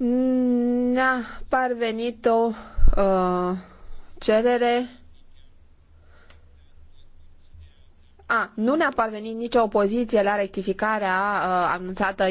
ne-a parvenit o uh, cerere. A, nu ne-a parvenit nicio opoziție la rectificarea uh, anunțată